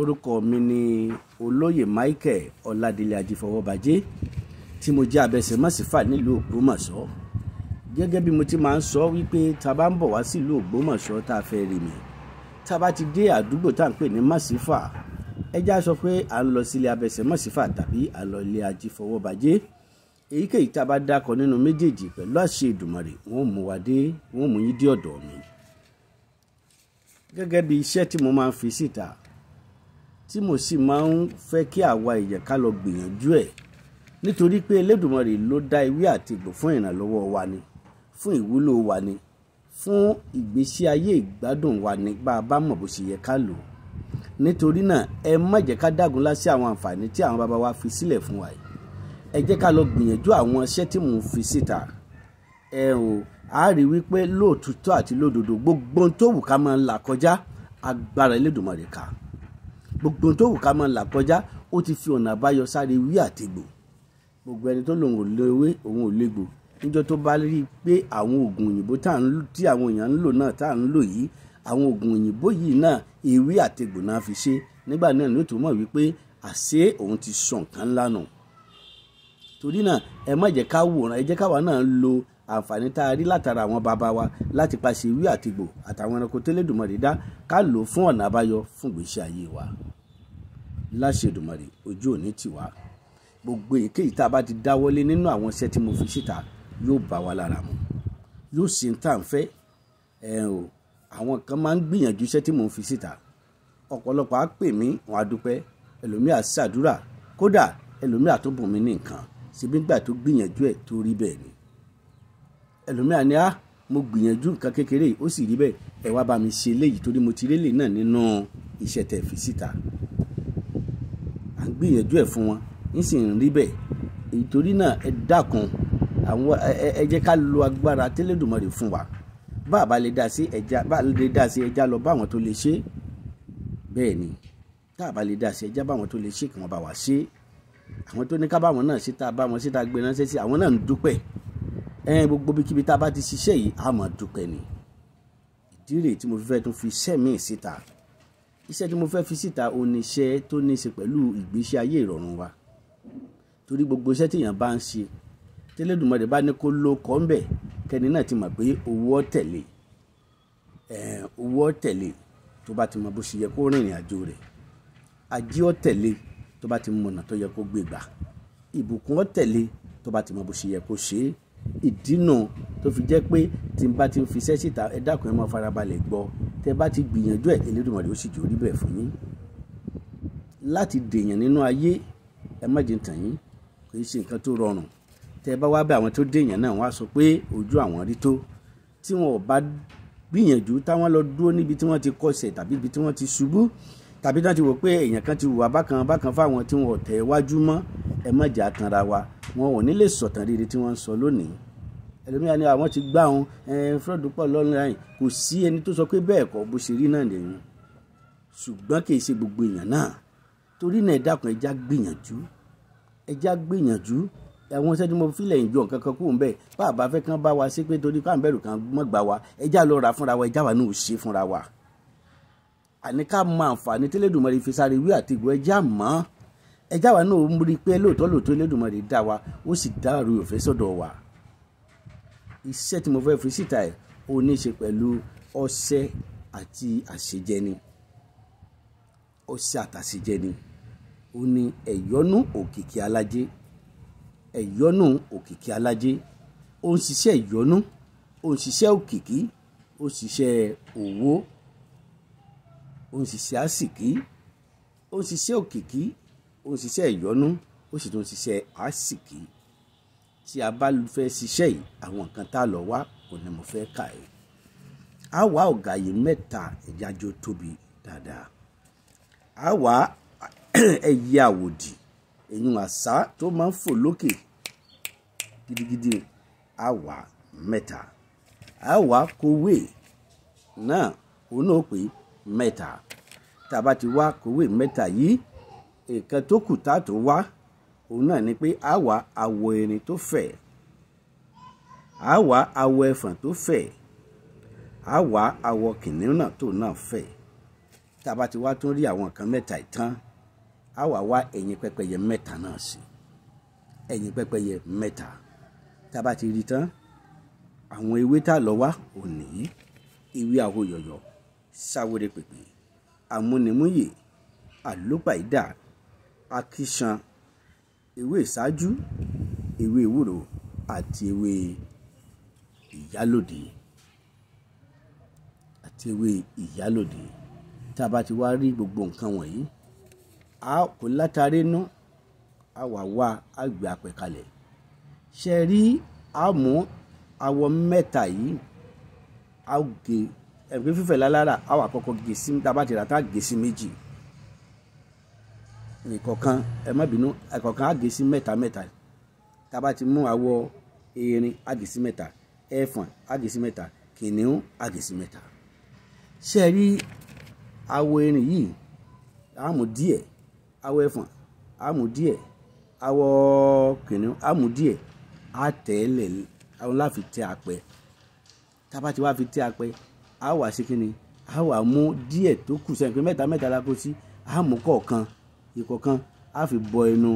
orúkọ mi ni olóyè Michael Ọládélé Ajífọwọ́bajé tí mo jẹ́ abẹsẹ̀mọ́sífà nílùú Ògbómọ̀ṣọ́ gẹ́gẹ́ bí mo ti máa ń sọ wípé ta bá ń bọ̀ wá sílùú Ògbómọ̀ṣọ́ tá a fẹ́ rí mi tá a bá ti dé àdúgbò tá à ń pè ní mọ̀sífà ẹjá sọ pé à ń lọ sílé abẹsẹ̀mọ́sífà tàbí à ń lọ ilé Ajífọwọ́bajé èyíkéyìí tá bá dákọ nínú méjèèjì pẹlú àṣẹ Èdùmàrè wọn ò mú wa dé wọn ò mú yín dé ọ̀dọ̀ mi gẹ́gẹ́ bí iṣẹ́ tí mo máa ń fi síta tí mo sì máa ń fẹ́ kí àwa èèyàn ká lọ gbìyànjú ẹ̀ nítorí pé Elédùmarè ló dá ewé àti egbò fún ìrànlọ́wọ́ wa ni fún ìwúlò wa ni fún ìgbésí ayé ìgbádùn wa ni bá a bá mọ̀ bó ṣe yẹ ká lò ó nítorí náà ẹ má jẹ́ ká dágunlá sí àwọn àǹfààní tí àwọn bàbá wa fi sílẹ̀ fún wa yìí ẹ jẹ́ ká lọ gbìyànjú àwọn iṣẹ́ tí mò ń fi síta ẹ o a rí wípé lóòtútọ́ àti lódodo gbogbo tó wù ká máa là kọjá agbára Elédùmarè ká gbogbo tó wù ká máa là kọjá ó ti fi ọ̀nà àbáyọ sáré wí àtẹ̀gbò gbogbo ẹni tó lòun ò léwé òun ò légbò níjọ́ tó bá rí i pé àwọn oògùn òyìnbó tí àwọn èèyàn ń lò náà tá à ń lò yìí àwọn oògùn òyìnbó yìí náà ewé àtẹ̀gbò náà fi ṣe nígbà náà ni tó mọ̀ wípé àṣé òun ti sọ nǹkan ńlá torí náà ẹ má jẹ́ ká wòran ẹ jẹ́ káwa náà lo àǹfààní tá a rí látara àwọn bàbá wa láti paṣẹ ìwé àtìgbò àtàwọn ẹranko tẹ́lẹ̀dùmarè dá ká lò ó fún ọ̀nà àbáyọ fún ìgbésí ayé wa láṣẹ Èdùmàrè ojú òní tiwa gbogbo èyíkéyìí tá a bá ti dáwọ́lé nínú àwọn iṣẹ́ tí mo fi síta yóò bá wa lára mu yóò ṣe ń tà ń fẹ́ ẹ o àwọn kan máa ń gbìyànjú iṣẹ́ tí mo fi síta ọ̀pọ̀lọpọ̀ á pè mí wọn á dúpẹ́ ẹlòmíà ṣàdúrà kódà ẹlòmíà tó bùn mí ní nǹkan ṣebí nígbà tó gbìyànjú ẹ̀ tó rí bẹ́ẹ̀ ni ẹlòmíràn ni á ah, mo gbìyànjú nǹkan kékeré ó sì rí bẹ́ẹ̀ ẹ wá bá mi ṣe léyìí torí mo ti rí lè náà nínú iṣẹ́ tẹ̀ fi síta à ń gbìyànjú ẹ̀ fún wọn ń sì ń rí bẹ́ẹ̀ ìtorí náà ẹ dákun àwọn ẹ jẹ́ ká lo agbára tẹ́lẹ̀dùmarè fún wa bá a bá lè dá sí ẹja bá a lè dá sí ẹja lọ bá àwọn tó lè ṣe bẹ́ẹ̀ ni tá a bá lè dá sí ẹja bá àwọn tó lè ṣe kí wọ́n bá wa ṣe àwọn tó ní ká bá àwọn náà ṣe tá a bá wọn ṣe tá a gbé ránṣẹ́ sí àwọn náà ń dúpẹ́ ẹ̀ẹ́n gbogbo ibikíbi tá a bá ti ṣiṣẹ́ yìí a máa dúpẹ́ ni ìdí rèé tí mo fẹ́ tún fi iṣẹ́ míì síta iṣẹ́ tí mo fẹ́ fi síta ò ní iṣẹ́ tó ní í ṣe pẹ̀lú ìgbésí ayé ìrọ̀rùn wa torí gbogbo iṣẹ́ tíyàn bá ń ṣe tẹ́lẹ̀dùmọ̀dé bá ní kó ló kọ́ ń bẹ̀ kẹ́ni náà ti mọ̀ pé owó tẹ̀lé owó tẹ̀lé tó bá ti mọ bó ṣe yẹ kó rìnrìn àjò rẹ̀ ajé ọ̀tẹ̀lé tó bá ti mọ̀nà tó yẹ kó gbégbà ìbùkún ọ̀tẹ̀lé tó bá ti mọ bó ṣe yẹ kó ṣe é ìdínà tó fi jẹ́ pé tí n bá ti ń fi iṣẹ́ síta ẹ dákun ẹ máa farabalẹ̀ gbọ́ tẹ bá ti gbìyànjú ẹ̀ Elédùmarè ó sì jò rí bẹ́ẹ̀ fún yín láti dèèyàn nínú ayé ẹ má jẹ́ tàn yín kò í ṣe nǹkan tó rọrùn tẹ bá wá bẹ àwọn tó dèèyàn náà wá sọ pé ojú àwọn rí tó tí wọn ò bá gbìyànjú táwọn lọ dúró níbi tí wọ́n ti kọsẹ̀ tàbí ibi tí wọ́n ti ṣubú tàbí tán ti wò pé èèyàn kan ti wà bákan bákan fáwọn tí wọn ò wájú mọ́ ẹ má jà tanra wa wọn ò ní lè sọ̀tàn rere tí wọ́n ń sọ lónìí ẹlòmíràn ni àwọn ti gbá wọn fúlọ́ọ̀dù pọ̀ lọ́nláìn kò sí ẹni tó sọ pé bẹ́ẹ̀ kọ́ bó ṣe rí náà nìyẹn ṣùgbọ́n kì í ṣe gbogbo èèyàn náà torí náà ẹ dákun ẹja gbìyànjú ẹja gbìyànjú àwọn iṣẹ́ tí mo fi lẹ́yìn jọ nǹkan kan kú bẹ́ẹ̀ bá a bá fẹ́ kán bá wa ṣépè torí káàmbẹ́rù kan mọ́ gbà wa ẹja lọ ra fúnra wa ẹja wà ní òṣè fúnra wa àní ká mọ àǹfààní tí Elédùmarè fi sáré wí àti ìgbọ́ ẹjẹ́ àmọ́ ẹjẹ́ àwa náà ń rí i pé lóòótọ́ lóòótọ́ Elédùmarè dá wa ó sì dá àrùn òfẹ́ sọ̀dọ̀ wa iṣẹ́ tí mo fẹ́ fi síta ẹ̀ ó ní í ṣe pẹ̀lú ọṣẹ àti àṣejẹni ọṣẹ àtàṣejẹni ó ní ẹ̀yọ́nú òkìkí alájẹ́ ẹ̀yọ́nú òkìkí alájẹ́ ó ń ṣiṣẹ́ ẹ̀yọ́nú ó ń ṣiṣẹ́ òkìkí ó ń ṣiṣẹ́ òwò ó ń ṣiṣẹ́ àsìkí ó ń ṣiṣẹ́ òkìkí ó ń ṣiṣẹ́ ìyọ́nú ó sì tún ń ṣiṣẹ́ àsìkí tí a bá fẹ́ ṣiṣẹ́ yìí àwọn nǹkan tá a lọ wá kò ní mo fẹ́ kà é a wá ọ̀gá yìí mẹ́ta ìyájọ́ tóbi dáadáa a wá ẹyẹ àwòdì èyún àṣá tó máa ń fò lókè gidigidi a wá mẹ́ta a wá kówé náà òun náà pé mẹ́ta tá a bá ti wá kòwé mẹ́ta yìí nǹkan tó kù tá a tó wá òun náà ni pé a wá awọ erin tó fẹ̀ a wá awọ ẹfọ̀n tó fẹ̀ a wá awọ kìnìún náà tó náà fẹ̀ tá a bá ti wá tún rí àwọn nǹkan mẹ́ta ìtàn a wá wá ẹ̀yìn pẹ́pẹ́yẹ mẹ́ta náà sí ẹ̀yìn pẹ́pẹ́yẹ mẹ́ta tá ti rí tán àwọn ewé tá lọ wá òní ewé àwòyọ̀yọ̀ sáwéré pèpè àmúnimúyè àlùpàìdà akíṣan ewé ìsájú ewé ewúro àti ewé ìyálòdì àti ewé ìyálòdì tá a bá ti wá rí gbogbo nǹkan wọ̀nyí a kò látàrí inú a wà wá a gbé apẹ̀ kalẹ̀ ṣe rí a mú awọ mẹ́ta yìí a gé. E ẹ̀gbẹ́ fífẹ̀ lálára àwọn àkọ́kọ́ gèsì tábà ti rà tá gèsì méjì ìkọ̀kan ẹ má bínú ìkọ̀kan á gèsì mẹ́ta mẹ́ta tábà ti mú àwọ̀ erin á gèsì mẹ́ta ẹ̀fọ̀n á gèsì mẹ́ta kìnìún á gèsì mẹ́ta ṣé ẹ rí àwọ̀ erin yìí àmú díẹ̀ àwọ̀ ẹ̀fọ̀n àmú díẹ̀ àwọ̀ kìnìún àmú díẹ̀ àtẹ̀ẹ́lẹ̀ àwọn láfi tẹ àpẹ tábà ti wá fi tẹ àpẹ a wà sí kíni a wà mú díẹ̀ tó kù sẹ́yìn pé mẹ́ta mẹ́ta la kó sí a mú kọ̀ọ̀kan ìkọ̀ọ̀kan a fi bọ ẹnu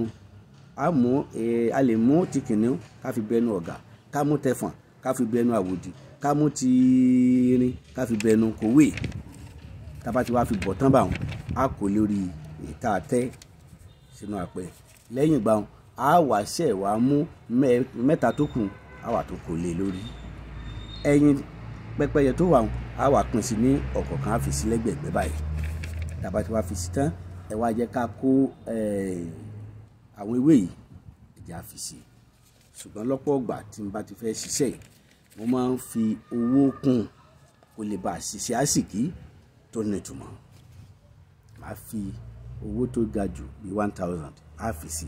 a mú a lè mú ti kìnìún ká fi bẹ ẹnu ọ̀gà ká mú tẹfọ̀n ká fi bẹ ẹnu àwòdì ká mú ti irin ká fi bẹ ẹnu kòwé tába ti wá fi bọ̀ tán bá a kò lórí ìta tẹ́ sínú àpẹ lẹ́yìn ìgbà wọn a wà ṣẹ̀ wá mú mẹ́ta tó kù a wà tó kò lè lórí ẹyin pẹpẹyẹ tó wà wọn a wà pín sí ní ọ̀kọ̀ọ̀kan á fi sí lẹ́gbẹ̀ẹ́gbẹ́ báyìí tàbá tí wàá fi sí tán ẹ wá jẹ́ ká kó àwọn ewé yìí ẹ̀jẹ̀ á fi sí ṣùgbọ́n lọ́pọ̀ ọgbà tí n bá ti fẹ́ ṣiṣẹ́ yìí mo máa ń fi owó kún kó lè bá ṣiṣẹ́ àsìkí tó nítumọ̀ màá fi owó tó ga jù bí one thousand á fi sí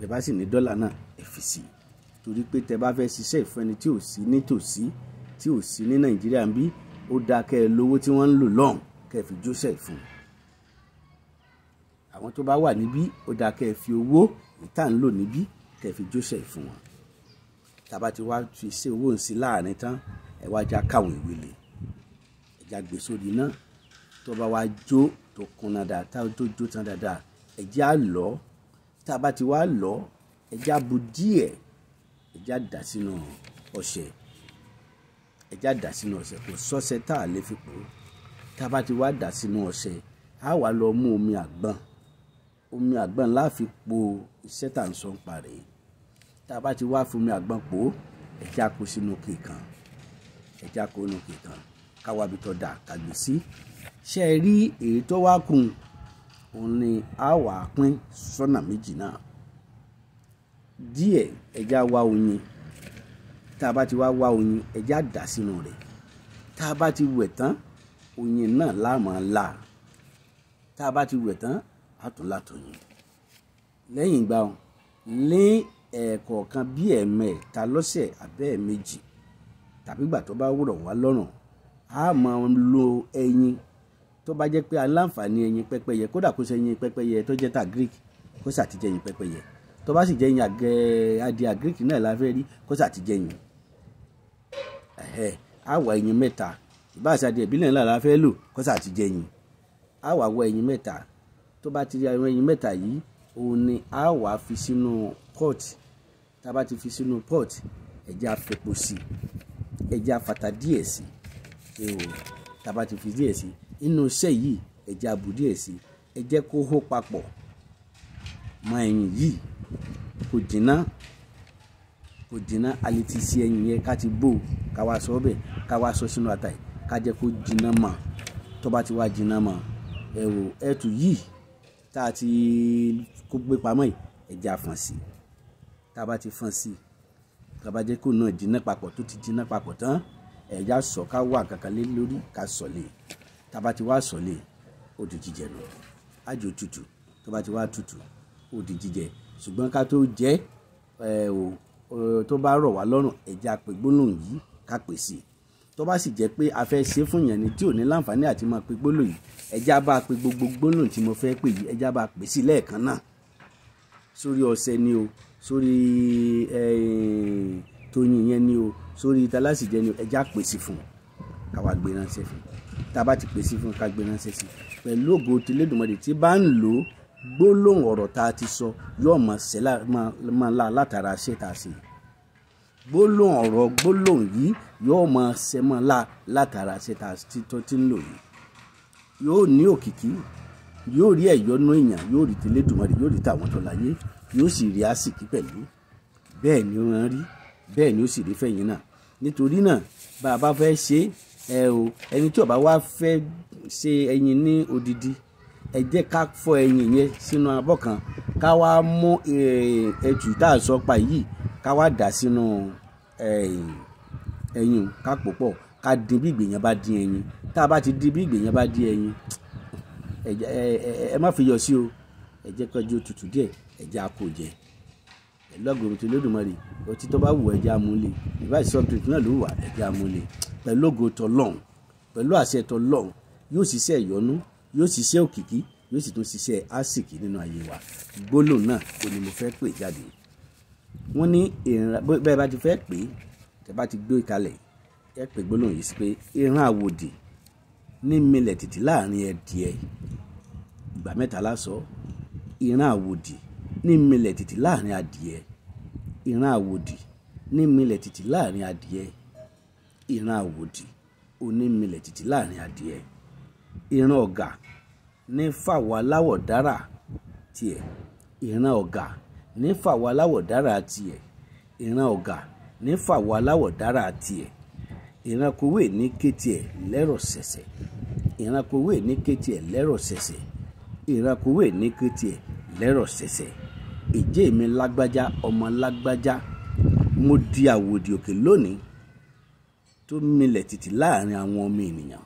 bẹ́ẹ̀ bá sì ní dọ́là náà ẹ fi sí torí pé tẹ bá fẹ́ ṣiṣẹ́ ìfẹ́ni tí ò sí nítòsí tí ò sí ní Nàìjíríà ń bí ó dáa kẹ́ ẹ lówó tí wọ́n ń lò lọ́hùn kẹ́ ẹ fi joseph fún un àwọn tó bá wà níbí ó dáa kẹ́ ẹ fi owó ìta ń lò níbí kẹ́ ẹ fi joseph fún wọn tàbá ti wá fi ṣe owó ǹsí láàrin tán ẹ wá já káwọn ìwé lè ẹjá gbé sórí iná tó bá wá jó tó kunná dáadáa tó jó tán dáadáa ẹjá lọ tàbá ti wá lọ ẹjá bu díẹ̀ ẹjá dà sínú ọṣẹ ẹja dà sínú ọṣẹ kò sọṣẹ tá a lè fi pò ó tá a bá ti wá dà sínú ọṣẹ á wà lọ mú omi àgbọn omi àgbọn la fi po iṣẹ́ tá à ń sọ ń parí tá a bá ti wá fi omi àgbọn pò ó ẹja kó sínú kìkan ẹja kó sínú kìkan káwa bí tọ́ da kàgbé sí ṣe é rí èyí tó wá kùn òun ni a wà á pín sọ́nà méjì náà díẹ̀ ẹja wá oyin tá a bá ti wá wá oyin ẹja dà sínú rẹ̀ tá a bá ti wẹ̀ tán oyin náà láàmú ńlá tá a bá ti wẹ̀ tán àtúnlàtòyìn lẹ́yìn ìgbà wọn lé ẹ̀ẹ̀kọ̀ọ̀kan bí ẹ̀ẹ̀mẹ́ta lọ́sẹ̀ àbẹ́ẹ̀méjì tàbí gbà tó bá wúrọ̀ wá lọ́rùn a máa lo ẹyin tó bá jẹ́ pé aláǹfààní ẹyin pẹ́pẹ́yẹ kódà kó ṣe ẹyin pẹ́pẹ́yẹ tó jẹ́ ta greek kó ṣàtijẹ́ ẹyin pẹ́pẹ́yẹ tó bá sì jẹ́ ẹyin adìẹ greek náà la fẹ́ rí kó ṣàtijẹ́ àwọ̀ ẹyin mẹ́ta ìbáṣà di ìbílẹ̀ ńlá la fẹ́ lò kọ́sà ti jẹ ẹyin àwọ̀ àwọ̀ ẹyin mẹ́ta tó bá ti rí àwọn ẹyin mẹ́ta yìí òun ni àwọ̀ á fi sínú pot tá a bá ti fi sínú pot ẹ̀jẹ̀ afẹ́po sí ẹ̀jẹ̀ afata díẹ̀ sí ẹ̀wò tá ti fi díẹ̀ sí inú iṣẹ́ yìí ẹ̀jẹ̀ abù díẹ̀ sí ẹ̀jẹ̀ kó hó papọ̀ mọ ẹyin yìí kò jìnnà kò jìnnà a ti ṣe ẹyin yẹn ká ti bò ká wá sọ ọbẹ̀ ká wá sọ sínú ata yìí ká jẹ́ kó jiná mọ́ tó bá ti wá jiná mọ́ ẹ wò ẹ̀tù yìí tá a ti kó gbé pamọ́ yìí ẹ̀jẹ̀ àfọ̀n sí tá a bá ti fọ̀n sí tá a bá jẹ́ kó náà jiná papọ̀ tó ti jiná papọ̀ tán ẹ̀já sọ ká wà kankan lé lórí ká sọ̀lẹ̀ e. tá a bá ti wá sọ̀lẹ̀ e, ó di jíjẹ lọ àjò tutù tó bá ti wá tutù ó di jíjẹ ṣùgbọ́n ká tó jẹ́ ẹ̀ o tó bá rọ̀ wá lọ́rùn ẹ̀já pẹ̀gbónú yìí ká pè sí i tó bá sì jẹ́ pé a fẹ́ ṣe fún yẹn ni tí ò ní láǹfààní àti máa pe gbólóhùn yìí ẹja bá pe gbogbo gbólóhùn tí mo fẹ́ pè yìí ẹja bá pè sí lẹ́ẹ̀kan náà sórí ọ̀sẹ̀ ni o sórí tóyìn yẹn ni o sórí talásìjẹ ni o ẹja pè sí fún un káwa gbé ránṣẹ́ fún un tá a bá ti pè sí fún un ká gbé ránṣẹ́ sí i pẹ̀lú ògo tìlédùmọ̀dé tí bá ń lò ó gbólóhùn ọ̀rọ̀ tá ti sọ yóò máa ṣẹlá máa lá látara ṣé tá a ṣe yìí gbólóhùn ọ̀rọ̀ gbólóhùn yìí yóò máa sẹ́mọ́ la látara ṣètà tó ti ń lò yìí yóò ní òkìkí yóò rí ẹ̀yọ́nú èèyàn yóò rí tẹlẹ́dùmarè yóò rí tàwọn tó láyé yóò sì rí àsìkí pẹ̀lú bẹ́ẹ̀ ni wọ́n rí bẹ́ẹ̀ ni ó sì rí fẹ̀yìn náà nítorí náà bá a bá fẹ́ ṣe ẹ o ẹni tí ó bá wá fẹ́ ṣe ẹyin ní odidi ẹ jẹ́ ká fọ ẹyin yẹn sínú abọ́ kan ká wá mú ẹtù tá a sọ pa yìí ká wá dà sínú eh, ẹyin ká pò pọ̀ ká dín bí ìgbè yẹn bá dín ẹyin tá a bá ti dín bí ìgbè yẹn bá dín ẹyin ẹ má fi yọ sí o ẹ jẹ́ kọjú tutù díẹ̀ ẹ jẹ́ àpò jẹ lọ́gọ̀rùn tí lódùmarè ọtí tó bá wù ẹ jẹ́ amúlé ìbáyìí sọ́ọ̀tù náà ló wà ẹ jẹ́ amúlé pẹ̀lú ògo tọlọ́run pẹ̀lú àṣẹ tọlọ́run yóò ṣiṣẹ́ ìyọ́nú yóò ṣiṣẹ́ òkìkí yóò sì tún ṣiṣẹ́ àsìkí nínú ayé wa gbólóhùn náà ó ní mo fẹ́ pè jáde wọ́n ní ìran bẹ́ẹ̀ bá ti fẹ́ pè é bá ti gbé ìkalẹ̀ ẹ pè gbólóhùn yìí sí pé ìran àwòdì ní milẹ̀ títí láàrin ẹ̀dìẹ ìgbà mẹ́ta lásọ ìran àwòdì ní milẹ̀ títí láàrin adìẹ ìran àwòdì ní milẹ̀ títí láàrin adìẹ ìran àwòdì onímilẹ̀ títí láàrin adìẹ ìran ọ̀gà ní fàwọ̀ aláwọ̀ dára tiẹ̀ ìran ọ̀gà ní fàwọn aláwọ̀ dára tiẹ̀ ìran ọ̀gà ní fàwọn aláwọ̀ dára tiẹ̀ ìran kòwé ní kétiẹ̀ lẹ́rọ̀ ṣẹ̀ṣẹ̀ ìran kòwé ní kétiẹ̀ lẹ́rọ̀ ṣẹ̀ṣẹ̀ ìran kòwé ní kétiẹ̀ lẹ́rọ̀ ṣẹ̀ṣẹ̀ ìjẹ́ mi lágbájá ọmọ lágbájá mo di àwòdì òkè lónìí tó milẹ̀ tìtì láàrin àwọn ọmọ ènìyàn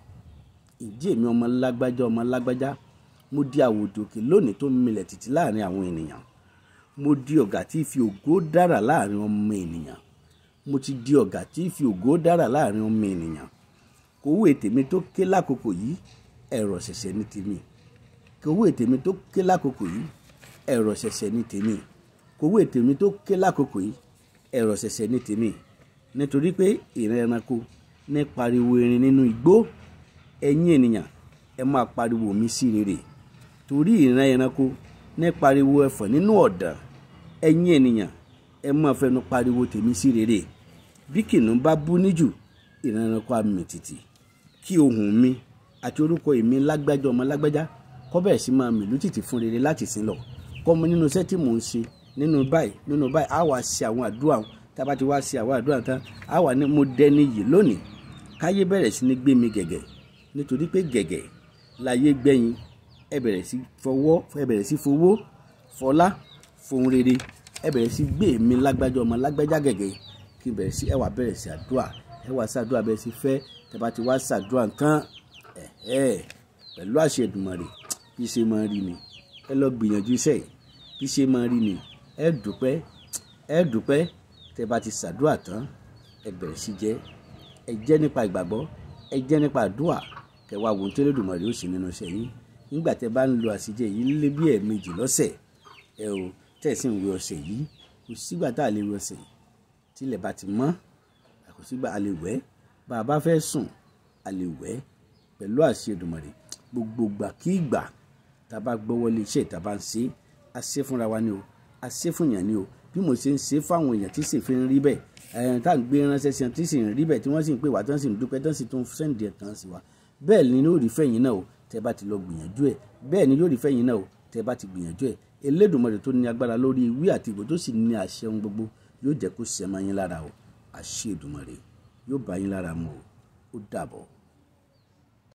ìjẹ́ mi ọmọ lágbájá ọmọ lágbájá mo di àwòdì òkè lónìí tó milẹ̀ tìtì láàrin àwọn ènìyàn mo di ọ̀gá tí fi ògo dára láàrin ọmọ ènìyàn mo ti di ọ̀gá tí fi ògo dára láàrin ọmọ ènìyàn kòwó ètèmi tó ké lákòókò yìí ẹ̀rọ ṣẹ̀ṣẹ̀ ní tèmi kòwó ètèmi tó ké lákòókò yìí ẹ̀rọ ṣẹ̀ṣẹ̀ ní tèmi kòwó ètèmi tó ké lákòókò yìí ẹ̀rọ ṣẹ̀ṣẹ̀ ní tèmi nítorí pé ìran ẹranko ní pariwo erin nínú igbó ẹ̀yin ènìyàn ẹ máa pariwo mi sí rere torí ìran ẹranko ní pariwo ẹfọ̀n nínú ọ̀dàn ẹ̀yin ènìyàn ẹ máa fẹnu pariwo tèmi sí rere bí kìnnìún bá bú níjù ìrànlọ́kọ àmì tìtì kí ohùn mi àti orúkọ èmi lágbájá ọmọ lágbájá kọ́ bẹ̀rẹ̀ sí máa mìlú tìtì fún rere láti sin lọ kọ́ mo nínú iṣẹ́ tí mò ń ṣe nínú báyìí nínú báyìí á wàá ṣe àwọn àdúrà tá a bá ti wá ṣe àwọn àdúrà tán á wà ní mo dẹni yìí lónìí káyé bẹ̀rẹ̀ sí ní gbé mi gẹ̀gẹ̀ nítorí pé gẹ̀gẹ̀ láyé gbẹ̀yìn ẹ bẹ̀rẹ̀ sí fọwọ́ ẹ bẹ̀rẹ̀ sí fowó fọlá fohun rere ẹ bẹ̀rẹ̀ sí gbé èmi lágbájá ọmọ lágbájá gẹ̀gẹ̀ kí n bẹ̀rẹ̀ sí ẹ wá bẹ̀rẹ̀ sí àdúrà ẹ wá sàdúrà bẹ̀rẹ̀ sí fẹ́ tẹ́ bá ti wá sàdúrà tán ẹ̀ẹ́ pẹ̀lú àṣẹ Èdùmàrè bí ṣe máa rí ni ẹ lọ gbìyànjú iṣẹ́ yìí bí ṣe máa rí ni ẹ dúpẹ́ ẹ dúpẹ́ tẹ́ bá ti sàdúrà tán ẹ bẹ̀rẹ̀ sí jẹ ẹ jẹ́ nípa ìgbàgbọ́ ẹ jẹ́ nípa àdúrà kẹ́ wá wòó tẹ́lẹ̀ Èdùmàrè ó sì nínú iṣẹ́ yìí nígbà tẹ́ bá ń lo àṣìjẹ yìí lé bí ẹ̀ẹ̀mejì lọ́sẹ̀ ẹ o tẹ̀sí ń wẹ ọṣẹ yìí kò sígbà tá a lè wẹ ọṣẹ tílẹ̀ bá ti mọ́ kò sígbà a lè wẹ̀ bá a bá fẹ́ sùn a lè wẹ̀ pẹ̀lú àṣẹ Èdùmàrè gbogbo gbà kí ìgbà tá a bá gbọ́wọ́ lé iṣẹ́ ìta bá ń ṣe a ṣe fúnra wa ni o a ṣe fún èèyàn ni o bí mo ṣe ń ṣe fáwọn èèyàn tí sì fi ń rí bẹ́ẹ̀ ẹ̀yàn tá à ń gbé ránṣẹ́ sí wọn tí sì ń rí bẹ́ẹ̀ tí wọ́n sì ń pè wá tí sì ń dúpẹ́ tí sì tún sẹ́ǹdì ẹ̀ tán sí wa bẹ́ẹ̀ ni yóò rí fẹ́yìn náà o tẹ́ bá ti lọ gbìyànjú ẹ̀ bẹ́ẹ̀ ni yóò rí fẹ́yìn náà o tẹ́ bá ti gbìyànjú ẹ̀ elédùnmọ̀rẹ̀ tó ní agbára lórí ìwé àti ìbò tó sì ní àṣẹ ohun gbogbo yóò jẹ́ kó ṣẹ mọ́ yín lára o àṣẹ Èdùmàrè yóò bá yín lára mu o ó dàbọ̀.